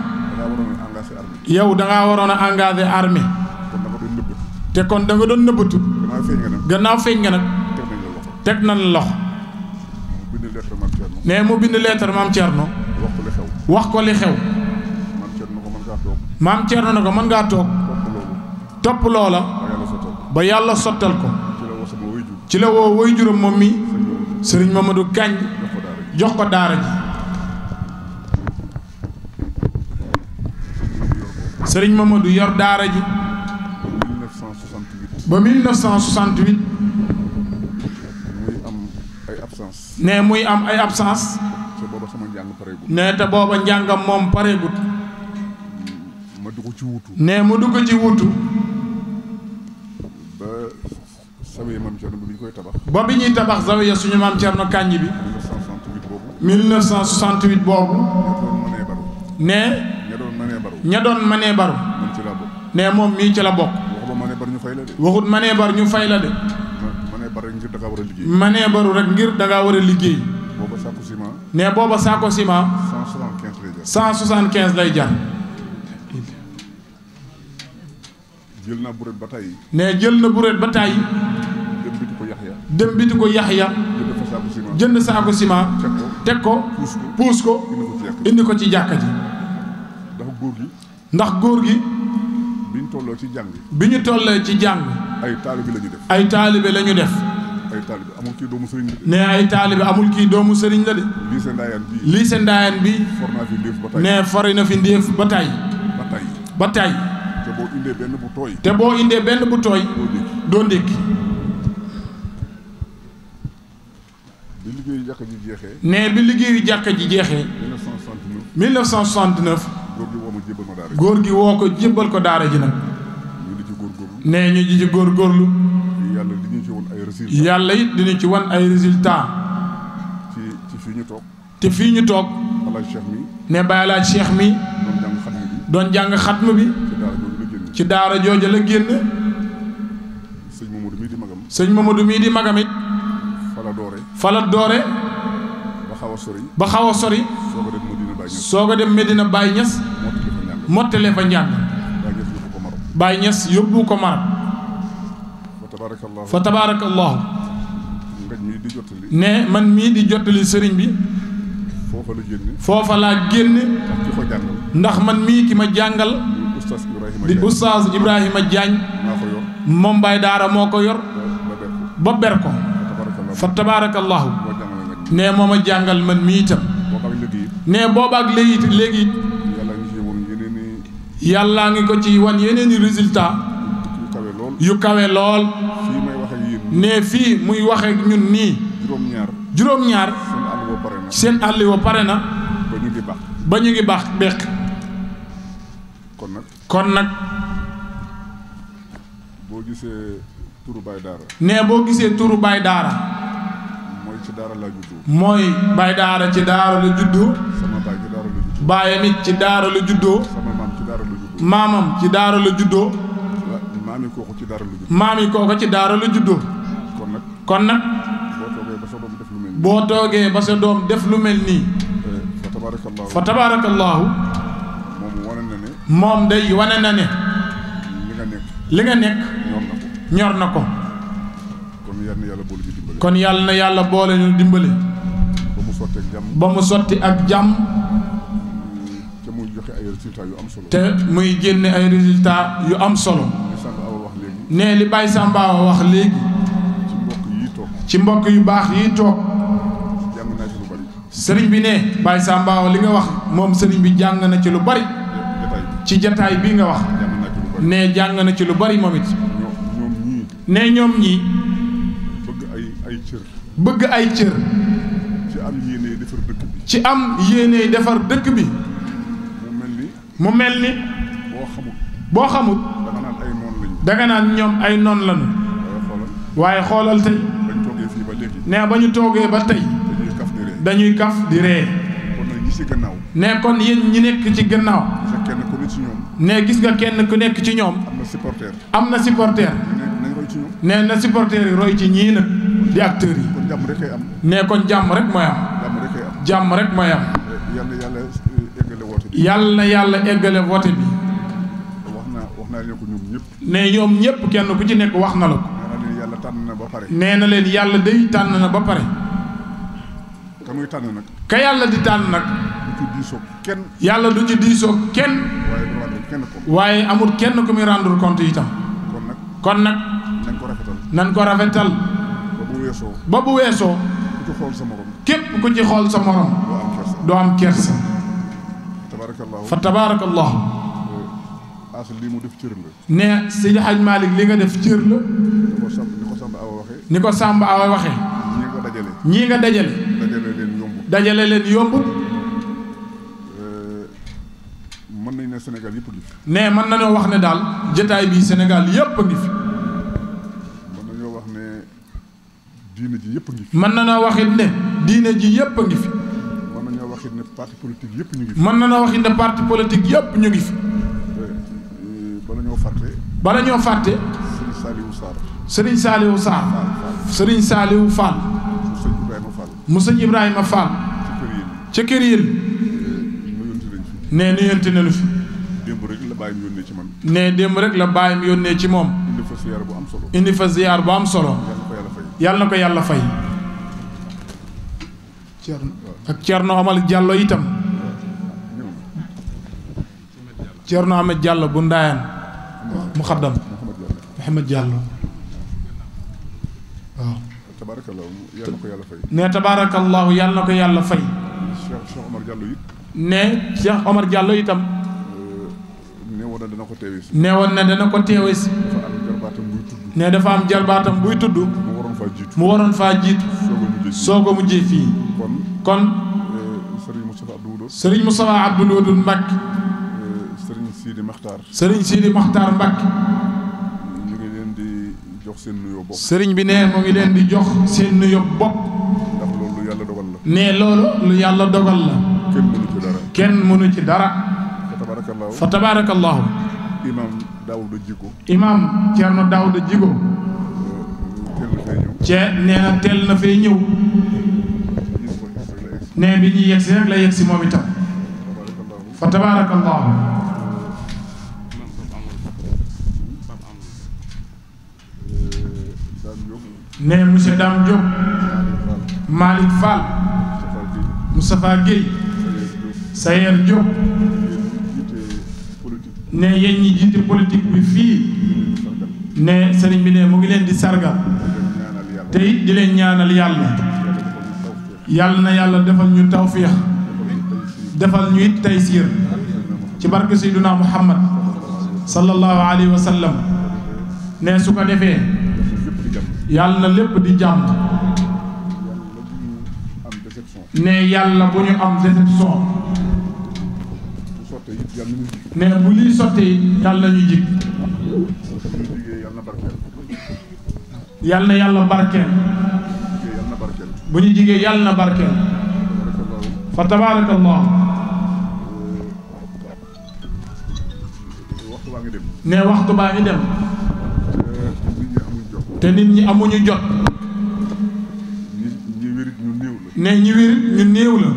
yow dangaa waroon a engagé armée te kon da nga doon nëbbatu gannaaw feeñ nga nag teg nañ loxo ne mu bind lettre maam Thierno wax ko li xew maam Thierno na ko mën ngaa toog topp loola ba yàlla sottal ko ci la woo woy juróom moom mi sëriñ Mamadou Kañ jox ko daara ji sëriñ Mamadou yor daara ji ba 1968 muy am ay absance ne te booba njàngam moom pareegut ne ma du ko ci wutu zawiya maam koy tabax. ba bi ñuy tabax zawiya suñu maam Cerno Kàññi bi. 1968 boobu. 1968 boobu. ne. ña doon mënee baru. ña doon mënee baru. ne moom mii ci la bokk. waxut mënee baru ñu fay la de. mënee baru rek ngir da ngaa war a liggéey. booba saako ne booba saako ciment. 175 lay jar. jël na buret ba tàyyi. ne jël na buret ba dem biti ko yaxya jënd saako ciment teg ko puus ko indi ko ci jàkka ji ndax góor gi bi ñu tolloo ci jàng bi ñu tolloo ci jàng ay taalibe la ñu def ay taalibe la ñu def ne ay taalibe amul kii doomu sëriñ la de lii seen ndaayaan bi ne fari na fi ndéef ba tey ba tey te boo indee benn bu tooy doo ndékki liggéeyu jàkka ji jeexee. nee bi liggéeyu jàkka ji jeexee. 1969. 1969. góor gi woo ko jébbal ko daara ji nag. ñu di ci góorgóorlu. nee ñu di ci góorgóorlu. yàlla dinañ ci wan ay résultats. yàlla it dinañ ci wan ay résultats. ci ci ñu toog. te fii ñu toog. alaaj cheikh mi. ne bàyyi seex cheikh mi. doon jàng xatma bi. ci daara jooja la génn. sëñ Mamadou mii di magam. sëñ Mamadou di magam it. fa la doore. ba xaw sori. ba xaw a sori. soog a dem Medina Baye Niass. mottale fa njàng. Baye Niass yóbbu ko Maroc. fa tabaarakallahu ne man mii di jottali sëriñ bi. foofa la foofa laa génne. ndax man mii ki ma jàngal. di oustaz Ibrahima Diagne. moom Baye Daara moo ko yor. ba ber ko. fa tabaarakallaahu ne moom a jàngal man mii itam ne boobaak léegi léegi yàllaa ngi ko ci wan yeneeni résultat yu kawe lool ne fii muy wax ñun nii juróom-ñaar seen àll wa pare na ba ñu ngi baax beq kon nag boo gisee turu baay nee boo gisee turu baay daara. mooy ci daara mooy baay daara ci daara la juddoo. sama baay ci daara la juddoo. baayam ci daara la juddoo. maam ci daara la juddoo. maamam ci daara la juddoo. maami kooko ci daara la juddoo. kon nag kon nag. boo toogee ba sa def lu mel nii. Eh, fa tabaarakallaahu fa tabaarakallaahu. moom wane na ne. moom day wane na ne. li nga nekk. nekk. ñor na ko. kon yal na yàlla boole ñu kon yal na yàlla boole ñu dimbale. ba mu sotti ak jàmm ba mu sotti ak jàmm. te muy joxe ay résultats yu am solo. te muy génne ay résultats yu am solo. nee li Baye Samba wax léegi. ci mbokk yu baax yi toog. sëriñ bi ne Baye Samba li nga wax moom sëriñ bi jàng na ci lu bari. ci jataay bii nga wax. ne jàng na ci lu bari moom ne ñoom ñi bëgg ay ay cër. bëgg ay cër. ci am yéene defar dëkk bi. ci am yéene defar dëkk bi. mu mel ni. mu mel ni. boo xamut. boo xamut. danga naan ay noon lañu. danga ñoom ay noon lañu. waaye xoolal tey. bañ toogee fii ba léegi. nee ba ñu toogee ba tey. dañuy kaf di ree. dañuy kaf di ree. kon nag ñi kon yéen ñi nekk ci gannaaw. gis nga kenn ku nekk ci ñoom. nee gis nga kenn ku nekk ci ñoom. am na supporter. am na supporter. nee na supporters yi roy ci ñii nag di acteurs yi. kon jàmm rek kay am. nee kon jàmm rek mooy am. jàmm rek kay am. jàmm rek mooy am. yal na yàlla eggale woote bi. yal na yàlla eggale woote bi. wax naa wax naa leen ko ñoom ñëpp. ñëpp kenn ku ci nekk wax na la ko. tànn na ba pare. nee na leen yàlla dey tànn na ba pare. ka muy tànn ka yàlla di tànn nag. du kenn. yàlla du ci diisoo kenn. waaye amul kenn ko. waaye amul kenn ku muy rendre compte itam. kon nag. nan ko rafetal. ba bu weesoo. weesoo. xool sa képp ku ci xool sa morom. doom am kersa. fa tabaarakallah. Eh, aasa lii mu def cër la. ne Seydi Hadj Malick li nga def cër la. ni ko Samb ni ko Samb Awa waxee. ni ko Samb ñii nga dajale. ñii nga dajale. dajale leen yomb. dajale leen yomb. Eh, ne yëpp ngi fi. ne mën nañoo wax ne daal jataay bii Sénégal yëpp ngi fi. diine ji yëpp ngi fi. mën na noo wax it ne diine ji yëpp a ngi fi. mën nañoo wax it ne parti politique yëpp ñu ngi fi. mën na noo wax it ne parti politique yëpp ñu ngi eh, bala ñoo fàtte. bala ñoo fàtte. sëriñ Saliou Sarr. Serigne Saliou Sarr. Serigne Saliou Fall. Serigne Ibrahima Fall. Moussa Ibrahima kër yéen. Eh, nee nuyante nañu fi. démb rek la bàyyi mu yónnee démb rek la bàyyi yónnee ci moom. am solo. indi fa ziyaar bu am solo. yàlla na ko yàlla fay Thierno ak Thierno Amal jàllo itam Thierno Ahmed Diallo bu ndaayaan mu xaddam Ahmed Diallo waaw ne tabaarakallaahu yàlla na ko yàlla fay ne Cheikh Omar Diallo itam ne woon na dana ko teewee si ne dafa am jarbaatam buy tudd faa jiitu mu waroon faa jiitu soo ko mujjee fii kon sëriñ Moustapha Abdou Wadoud sëriñ Moustapha Abdou Wadoud Mbacké sëriñ Sidi Makhtar sëriñ Sidi Makhtar Mbacké ñu ngi leen di jox seen nuyoo bopp sëriñ bi nee mu ngi leen di jox seen nuyoo bopp ndax loolu lu yàlla dogal la nee loolu lu yàlla dogal la kenn mënu ci dara kenn mënu ci dara fa tabarakallahu imaam Daouda Djigo imaam Thierno Daouda Djigo ca nee na teel na fee ñëw nee bi ñuy yegsi rek la yegsi moom itam fa tabaarakallaahu nee monsieur Dame Diop Malick Fall Moustapha Guèye Sayer Diop ne yéen jiite politique bi fii ne sëriñ bi mu ngi leen di sargal te di leen ñaanal yàlla yàlla na yàlla defal ñu tawfiix defal ñu it taysiir ci barke sayduna muhammad sallallahu alayhi wa sallam su ko defee yàlla na lépp di jàmm ne yàlla bu ñu am déception ne bu liy sottee yàlla ñu jig yal na yàlla barkeel bu ñu jigee yal na barkeel fa tabaarakallah ne waxtu baa ngi dem te nit ñi amuñu jot ne ñi wérit ñu néew la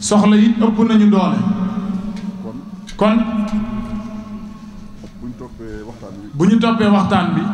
soxla yi ëpp nañu doole kon bu ñu toppee waxtaan bi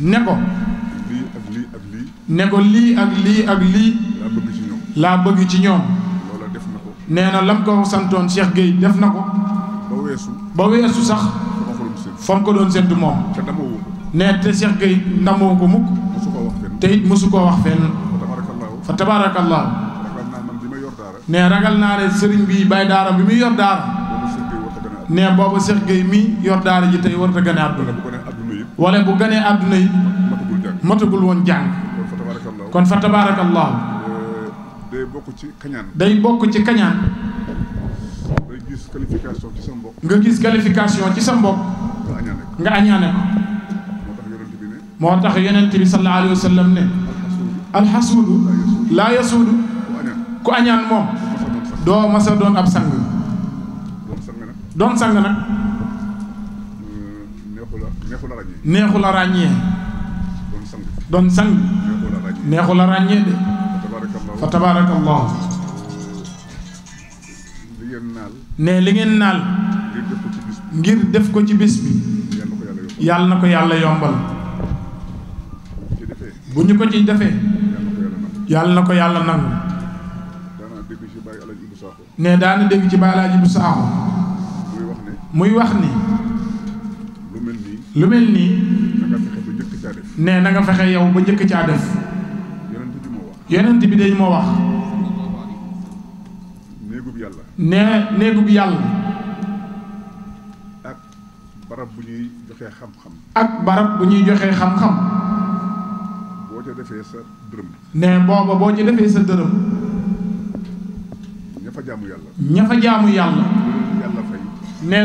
ne ko. lii ak lii lii. ko lii ak lii ak lii. laa bëgg ci ñoom. ci ñoom. loola def ko. nee na lam ko santoon seex Gueye def na ko. ba weesu. ba weesu sax. fa ko doon séntu moom. te ndamoo nee te Cheikh Gueye ndamoo ko mukk. mosu koo wax fenn. te it mosu koo wax fenn. fa tabaarakallaahu. nee ragal naa ne sëriñ bi bay daara bi muy yor daara. nee booba Cheikh Gueye mii yor daara ji tey warut a gane àdduna wala bu gënee àdduna yi matagul woon jàng kon fa tabaarakallaahu euh, day bokk ci kañaan day bokk ci kañaan nga gis qualification ci sa mbokk nga gis qualification ci sa mbokk nga añaane moo tax yonent bi sallallahu alayhi wa sallam ne alxasuudu laa yasuudu ku añaan moom doo masa ab sang doon sang nag neexu la ràññee doon sang neexu la ràññee de fa tabaarakallahu ne li ngeen naal ngir def ko ci bis bi yàlla na ko yàlla yombal bu ñu ko ci defee yàlla na ko yàlla nangu ne daana dégg ci bàyyi alaaji bu saaxu muy wax ni lu mel nii nee na nga fexe yow ba njëkk caa def yonent bi dañ moo wax néegub yàlla ne néegub yàlla ak barab bu ñuy joxee xam-xam ak barab bu ñuy joxee xam-xam boo ca defee sa dërëm nee booba boo ci defee sa dërëm ña fa jaamu yàlla ña fa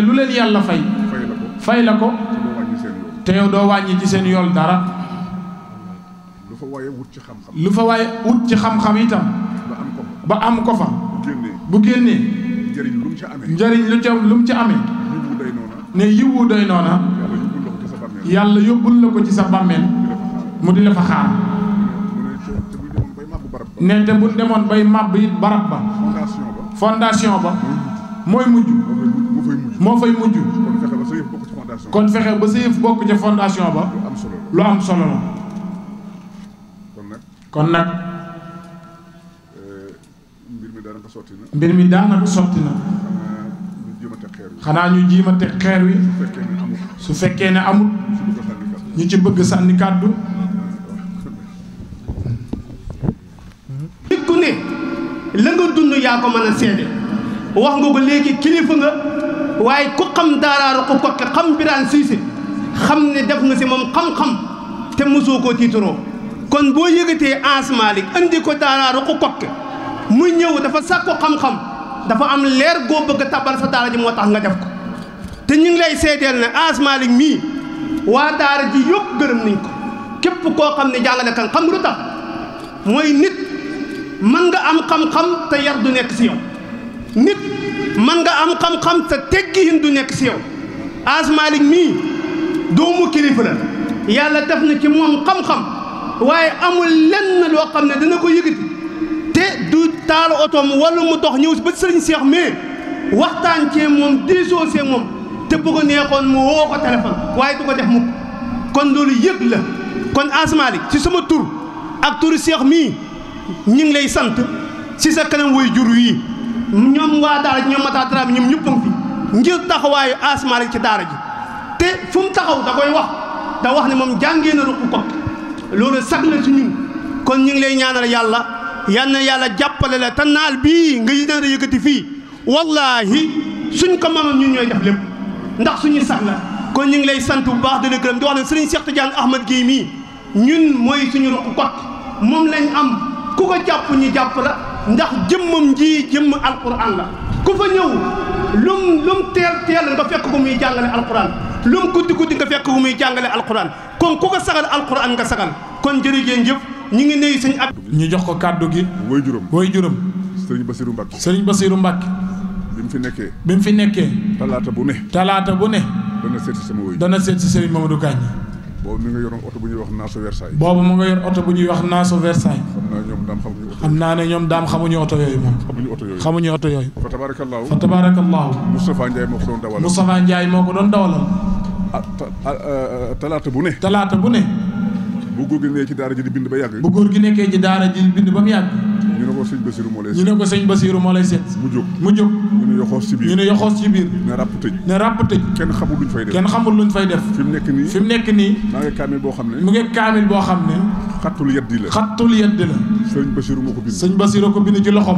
lu leen yàlla fay fay fay la ko te yow doo wàññi ci seen yool dara. lu fa waaye wut ci xam-xam. lu fa waaye wut ci xam-xam itam. ba am ko fa ba am ko fa. bu génnee njëriñ lu mu ci amee njëriñ lu ca lu mu ci amee. ne yiwu doy noona. yàlla yóbbul la ko ci sa bàmmeel. mu di la fa xaar. ne te bu demoon bay màbb barab ba. fondation ba. mooy mujj. moo fay mujj. kon fexe ba sa yëf bokk ca fondation ba. lu am solo la solo kon nag. kon nag. Euh, mbir mi daanaka sotti na. xanaa ñu jiima xeer wi. su fekkee ne amul. ñu ci bëgg sànni kàddu. nit ne la nga dund yaa ko mën a seede wax nga ko léegi kilifa nga. waaye ku xam daaraaru ko kokke xam biraan siisi xam ne def nga si moom xam-xam te mosoo koo tiitaroo kon boo yëgatee Anse Malick andi ko daaraaru ko kokke mu ñëw dafa sàkku xam-xam dafa am leer goo bëgg a tabal sa daara moo tax nga def ko te ñu ngi lay seedeel ne Anse Malick mii waa daara ji yëpp gërëm nañ ko képp koo xam ne jàngale kan xam lu mooy nit man nga am xam-xam te yar du nekk si yow nit man nga am xam-xam te teggiin du nekk si yow mii doomu kilifa la yàlla def na ci moom xam-xam waaye amul lenn loo xam ne dana ko yëgati te du taal otoom wala mu dox ñëw ba sëriñ Seex mais waxtaan cee moom diisoo see moom te bu ko neexoon mu woo ko téléphone waaye du ko def mukk kon loolu yëg la kon Ass ci sama tur ak turu Seex mii ñu ngi lay sant si sa kanam way jur yi ñoom waa daal ji ñoom Matar Dramé ñoom ñëpp a ngi fi ngir taxawaayu Ass ci daara ji te fu mu taxaw da koy wax da wax ne moom jàngee na ruq ko loolu sag na ñun kon ñu ngi lay ñaanal yàlla yal na yàlla jàppale la te naal bii nga daan yëkkati fii wallaahi suñ ko maamam ñun ñooy def lépp ndax suñu sag kon ñu ngi lay sant bu baax di la gërëm di wax ne Serigne Cheikh Tidiane Ahmed Guèye mii ñun mooy suñu ruq kot moom lañ am ku ko jàpp ñu jàpp la. ndax jëmmam ji jëmm alquran la ku fa ñëw lum lum teel teel nga fekk ko muy jàngale alquran lum guddi guddi nga fekk ko muy jàngale alquran kon ku ko sagal alquran nga sagal kon jërëjeen jëf ñu ngi nuyu suñu ak ñu jox ko kàddu gi woy juróom woy juróom sëriñ Basiru Mbàkke sëriñ Basiru Mbàkke bi mu fi nekkee bi mu fi nekkee talaata bu ne talaata bu ne dana seet si sama woy dana seet si sëriñ Mamadou Kagne boobu mi nga yoroon oto bu ñuy wax naasu Versailles. boobu mu nga yor oto bu ñuy wax naasu Versailles. xam naa ñoom daam xamuñu oto xam naa ne ñoom daam xamuñu oto yooyu moom. xamuñu oto yooyu xamuñu oto yooyu. fa tabaarakallaahu fa tabaarakallaahu. Moustapha Ndiaye moo ko doon dawalal Moustapha Ndiaye moo ko doon dawalal. Ah, ah, ah, talaata bu ne. talaata bu ne. bu góor gi nekkee ci daara ji di bind ba yàgg. bu góor gi nekkee ci daara ji di bind ba mu yàgg. sëñ Basiru moo lay ñu ne ko sëñ Basiru moo lay seet mu jóg mu jóg ñu ne yoxoos ci biir ñu ne yoxoos ci biir ne ràpp tëj ne ràpp tëj kenn xamul luñ fay def kenn xamul luñ fay def fi mu nekk nii fi mu nekk nii maa ngi kaamil boo xam ne mu ngi kaamil boo xam ne xattul yeddi la xattul yeddi la sëñ Basiru moo ko bind sëñ Basiru ko bind ci loxom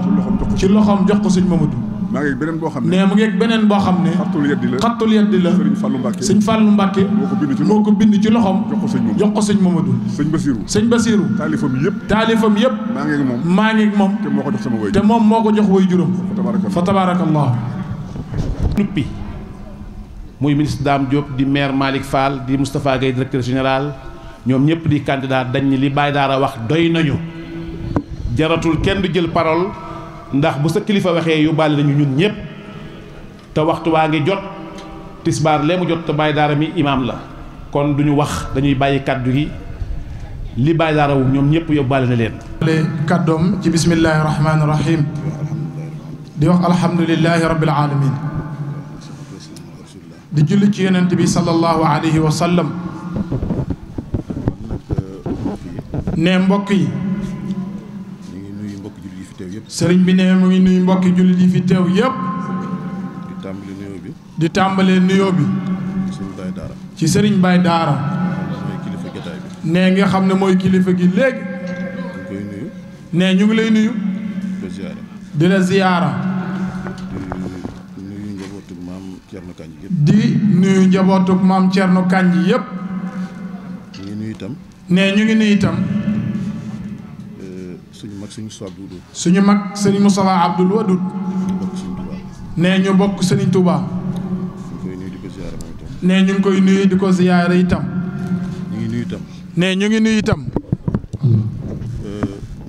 ci loxom jox ko sëñ Mamadou maa beneen boo xam ne mu ngi beneen boo xam ne xattul yeddi la xattul yeddi la sëriñ Fallou Mbacke sëñ moo ko bind ci moo ko bind ci loxom jox ko sëñ Mamadou jox ko sëñ Mamadou sëñ taalifam yëpp taalifam yëpp maa ngi moom maa ngi ak moom te moom moo ko jox way juróom fa tabarakallah nuppi muy ministre Dame Diop di maire Malick Fall di Moustapha Gueye directeur général ñoom ñëpp di candidat dañ li Baye Daara wax doy nañu jaratul kenn du jël parole ndax bu sa kilifa waxee yóbbaale nañu ñun ñëpp te waxtu waa ngi jot tisbar lemu jot te bàyyi daara mi imam la kon duñu wax dañuy bàyyi kàddu gi li bàyyi daara wu ñoom ñëpp yóbbaale na leen kàddoom ci bismillahi rahmaani rahim di wax alhamdulillahi rabbil alamin di julli ci yonent bi sallallahu alayhi wa sallam ne mbokk yi sëriñ bi ne mu ngi nuyu mbokki jullit yi fi teew yépp di tàmbali nuyoo bi. di tàmbalee nuyoo bi. ci sëriñ Baye Daara. ci sëriñ Baye Daara. mooy kilifa jotaay bi. nee nga xam ne mooy kilifa gi léegi. ñu koy nuyu. nee ñu ngi lay nuyu. di la ziyaara. di la ziyaara. di nuyu njabootuk maam Thierno Kandji yépp. di nuyu njabootuk maam Thierno Kandji yépp. ñu ngi nuyu itam. nee ñu ngi nuyu itam. sëñ Moustapha Abdoul Wadoud. suñu mag sëñ Moustapha Abdoul Wadoud. nee ñu bokk sëñ Touba. nee ñu ngi koy nuyu di ko ziyaare itam. ñu ngi nuyu itam. nee ñu ngi nuyu itam. Euh,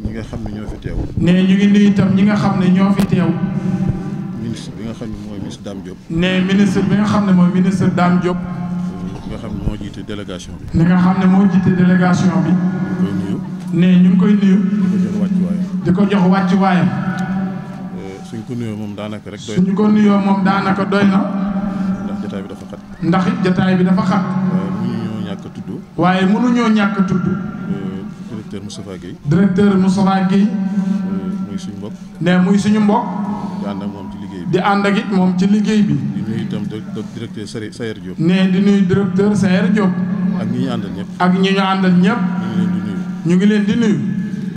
ñi nga xam ne ñoo fi teew. nee ñu ngi nuyu itam ñi nga xam ne ñoo fi teew. ministre bi nga xam ne mooy ministre Dame Diop. nee ministre bi nga xam ne mooy ministre Dame Diop. nga xam ne moo jiite délégation bi. ni xam ne moo jiite délégation ñu ngi ñu ngi koy nuyu. di ko jox wàcc waayam. Euh, suñ ko nuyoo moom daanaka rek. doy suñ ko nuyoo moom daanaka doy na. ndax jotaay bi dafa xat. ndax it bi dafa xat. waaye euh, mënuñoo ñàkk a tudd. waaye mënuñoo ñàkk a tudd. Euh, directeur Moustapha Guèye. directeur Moustapha Guèye. muy suñu mbokk. ne muy suñu mbokk. di ànd ak moom ci liggéey bi. di ànd ak it moom ci liggéey bi. di nuyu itam directeur Sayer Diop. ne di nuyu directeur Sayer Diop. ak ñi ñu ñëpp. ak ñi ñu àndal ñëpp. ñu ngi leen di nuyu. ñu ngi leen di nuyu.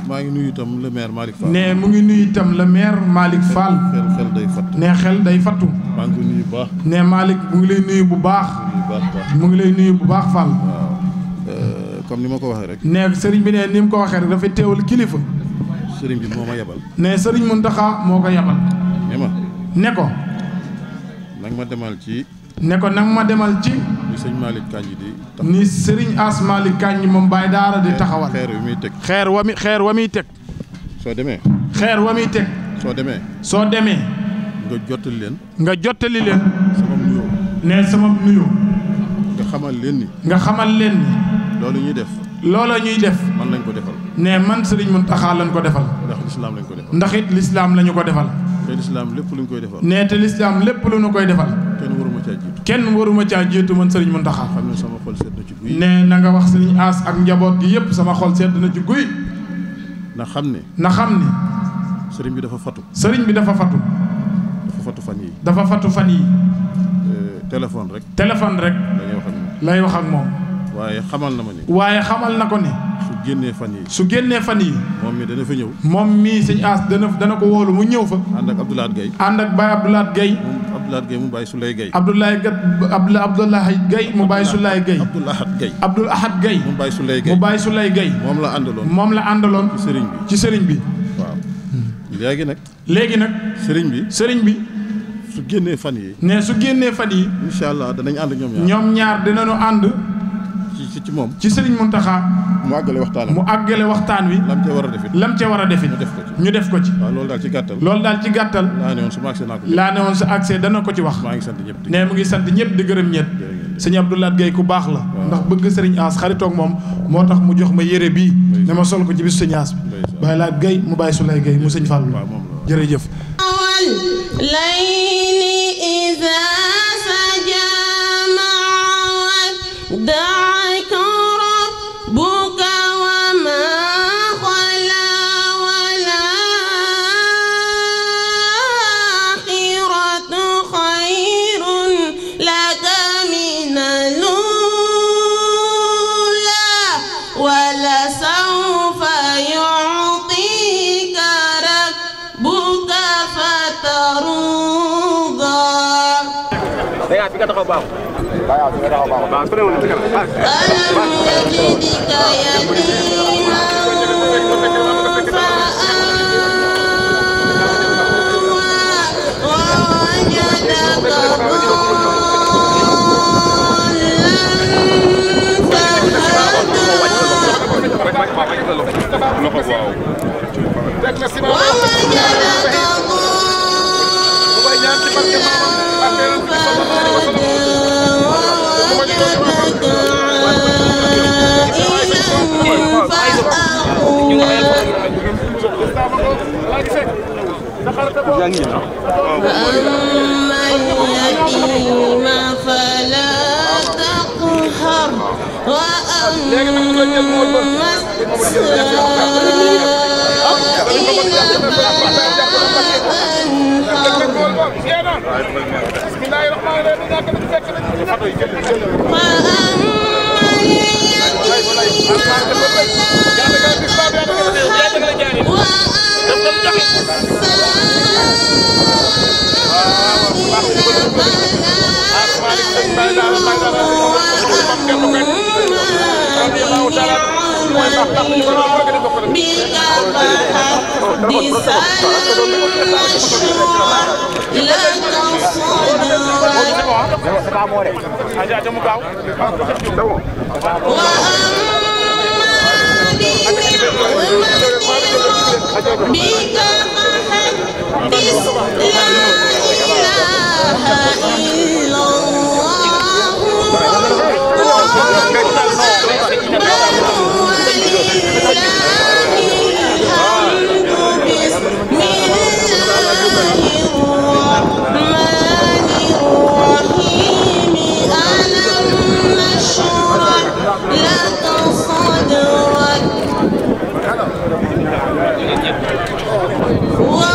maa ngi nuyu itam le maire Malick Fall. ne mu ngi nuyu itam le maire Malick Fall. xel xel day fattu. ne xel day fattu. maa ngi koy nuyu bu baax. ne Malick mu ngi lay nuyu bu baax. mu ngi lay nuyu bu baax Fall. comme ni ma ko waxee rek. ne sëriñ bi ne ni mu ko waxee rek dafa teewal kilifa. sëriñ bi moo ma yebal. ne sëriñ Mountakha moo ko yebal. ne ma. ne ko. nag ma demal ci. ne ko nag ma demal ci. ni sëñ Malick Kagne di. ni Serigne As Malick Kagne moom Baye Daara di taxawal. xeer muy teg xeer wa mi xeer wa muy teg. soo demee. xeer wa muy teg. soo demee. soo demee. nga jottali leen. nga jottali leen. sama nuyoo. nee sama nuyoo. nga xamal leen ni. nga xamal leen ni. loolu ñuy def. loola ñuy def. man lañ ko defal. nee man Serigne Mountakha lañ ko defal. ndax lislaam lañ ko defal. ndax it lislaam lañu ko defal. te lislaam lépp luñ koy defal. nee te lislaam lépp luñu koy defal. kenn waruma caa jiitu man sëriñ Muntaxa sama xol sedd na ci guy ne na nga wax sëriñ aas ak njaboot gi yépp sama xol sedd na ci guy na xam ne na xam ne sëriñ bi dafa fatu sëriñ bi dafa fatu dafa fan yi dafa fatu fan yi euh, téléphone rek téléphone rek lay wax ak moom waaye xamal na ma ni waaye xamal na ko ne su génnee fan yi su génnee fan yi moom mi dana fa ñëw moom mii sëñ aas dana dana ko woolu mu ñëw fa ànd ak Abdoulaat Gay ànd ak Baye Abdoulaat Gay Abdoulaye Gueye mu bàyyi su Gueye. Abdoulaye Gat Abdou Abdoulaye Gueye mu bàyyi Souley Gueye. Abdoul Ahad Gueye. Abdoul Ahad Gueye. mu bàyyi Souley Gueye mu bàyyi Souley Gueye. moom la àndaloon moom la àndaloon. ci sëriñ bi ci sëriñ bi. waaw léegi nag. léegi nag. sëriñ bi sëriñ bi. su génnee fan yi ne su génnee fan yi incha allah danañ ànd ñoom ñaar ñoom ñaar dinañu ànd. ci ci moom ci sëriñ Mountakha. mu àggale waxtaan wi. lam cee war a defit lam cee war a defit ñu def ko ci ko ci. waaw loolu daal ci gàttal. loolu daal ci gàttal. laa ne woon su ma accès naa ko laa ne woon sa accès dana ko ci wax. maa ngi sant ñëpp ne mu ngi sant ñëpp di gërëm ñett. sëñ Abdoulaye Gaye ku baax la. ndax bëgg sëriñ As xaritoog moom moo tax mu jox ma yére bii. ne ma sol ko ci bisu sëñ As bi. bàyyi laa Gaye mu bàyyi Soulaye Gaye mu sëñ Fallou jërëjëf layli ولسوف يعطيك ربك فترضى ألم يجدك يتيما loxo waaw. teg na si ma wax dëgg yàlla bu may ñaan ci barke maamam ak yàlla bu ñu ko mën a mën وأما اليتيم فلا تقهر léegi nag ñu jël mool ba Thank you. Malick sëñ Baye Daara Baye Daara sëñ Mamadou Mame Thierno Kane radiyallahu taala mooy baax baax ñu ko doon bëgg di bokk rek. Bika Whoa!